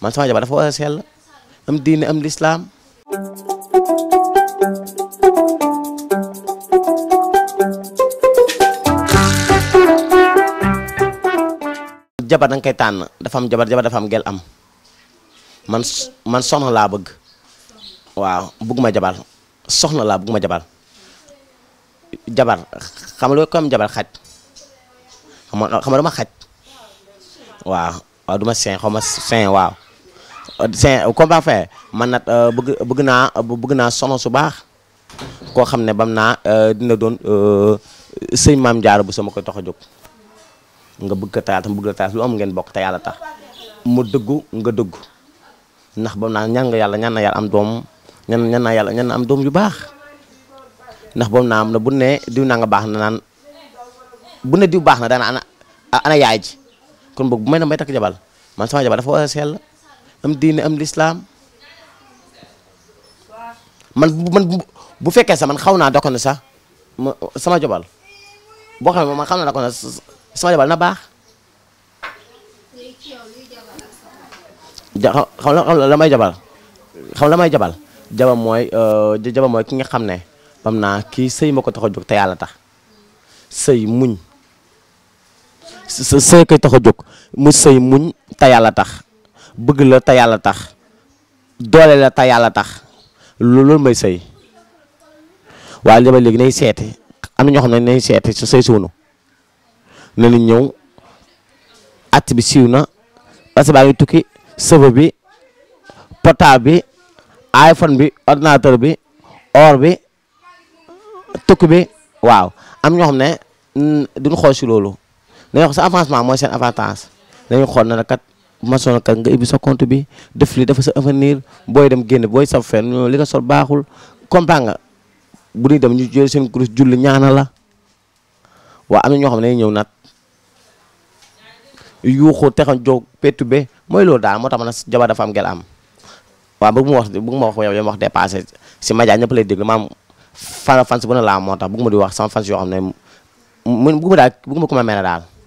man sama jabar dafa war a sell am diine am lislaam jabar da nga koy tànn dafa am jabar jabar dafa am gel am man soxna laa bëgg waaw bëgguma jabar soxna laa bëgguma jabar jabar xam nga ko jabar xaj xam nga dama waaw waaw du ma seen xaw ma seen waaw c'est comment faire man na euh, bëgg bëgg naa bëgg naa sono su baax koo xam ne bam naa euh, dina doon euh, sëñ maam jaara bu sama koy tox a jóg nga bëgg ko taal tam la taal lu am ngeen bokk te yàlla tax mu dëggu nga dëggu ndax bam naa ñaan nga yàlla ñaan na yàlla am doom ñan ñan naa yàlla ñan na am doom yu baax ndax bam naa am na bu ne diw naa nga baax na naan bu ne diw baax na daan ana ana yaay ji kon boog bu may na may takk jabal man sama jabal dafa war am diine am lislaam man bu fekkee sax man xaw naa na sax ma sama jobal boo xam ne man xaw na doxoon sama jobal na baax. ja xaw la may jabal xaw la may jabal jaba mooy euh, jaba mooy ki nga xam ne bam naa kii sëy ma ko tax a jóg tax sëy muñ sëy koy tax a mu sëy muñ ta yàlla tax. bëgg la ta yàlla tax doole la te yàlla tax loolu mooy sëy waaye li ma léegi nañ seeti am na ñoo xam ne nañ seeti sa sëy suunu ne ñu ñëw at bi siiw na que baa ngi tukki sëfa bi portable bi iPhone bi ordinateur bi or bi tukki bi waaw am ñoo xam ne mm, duñ xool si loolu dañuy wax xool na kat Masonakat nga ibbi sa compte bi def li dafa sa avenir booy dem génn booy saf fen ñoo li nga sol baaxul comprendre nga bu ñuy dem ñu jël seen kurus julli ñaana la waa am na ñoo xam ne ñëw nag yuuxu texan jóg pétu be mooy loolu daal moo tax ma ne jabar dafa am gel am waaw bëgg ma wax bëgg ma wax ma wax dépassé si média ñëpp lay déglu maam fan ne laa moo tax bëgg ma di wax sama fan yoo xam ne mun ma daal bëgg ma ku ma mel ne